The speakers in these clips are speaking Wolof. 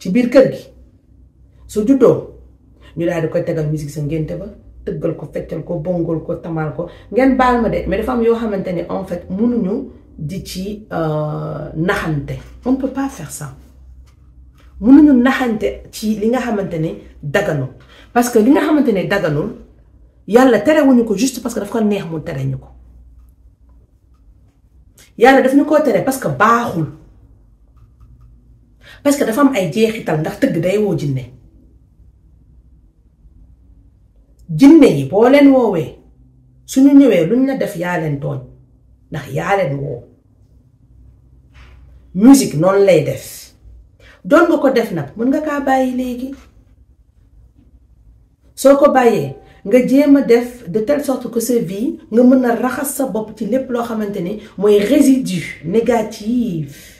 ci biir kër gi su juddoo ñu daal di koy tegal musique sa ngénte ba tëggal ko feccal ko bongool ko tamaal ko ngeen baal ma de mais dafa am yoo xamante ne en fait mënuñu di ci euh, naxante on peut pas faire ça mënuñu naxante ci li nga xamante ne daganul parce que li nga xamante ne daganul yàlla terewuñu ko juste parce que daf ko neex mu tere ñu ko yàlla daf ñu koo tere parce que baaxul parce que dafa am ay jeexital ndax tëgg day woo jinne jinne yi boo leen woowee suñu ñëwee luñ la def yaa leen tooñ ndax yaa leen woo musique noonu lay def doon nga ko def nag mën nga kaa bàyyi léegi soo ko bàyyee nga jéem a def de tele sorte que sa nga mën a raxas sa bopp ci lépp loo xamante ni mooy résidu négatif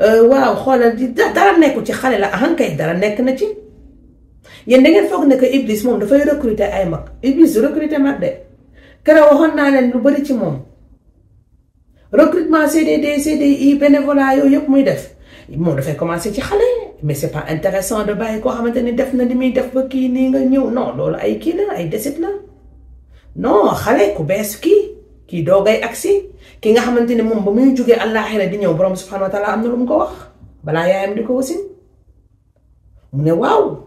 Euh, waaw xoolal di dara nekku ci xale la ahankay dara nekk na ci yéen da ngeen foog ne que moom dafay recruter ay mag Iblis du recruter mag de keroog waxoon naa leen lu bari ci moom recrutement CDD CDI bénévolat yooyu yëpp muy def moom dafay commencer ci xale mais c'est pas intéressant de bàyyi koo xamante ni def na li muy def ba kii nii nga ñëw non loolu ay kii la ay desit la no xale ku bees kii kii doogay si ki nga xamantene mom ba muy joggé al-akhira di ñew borom subhanahu wa ta'ala amna lu mu ko wax bala yaayam diko wasin mu ne waw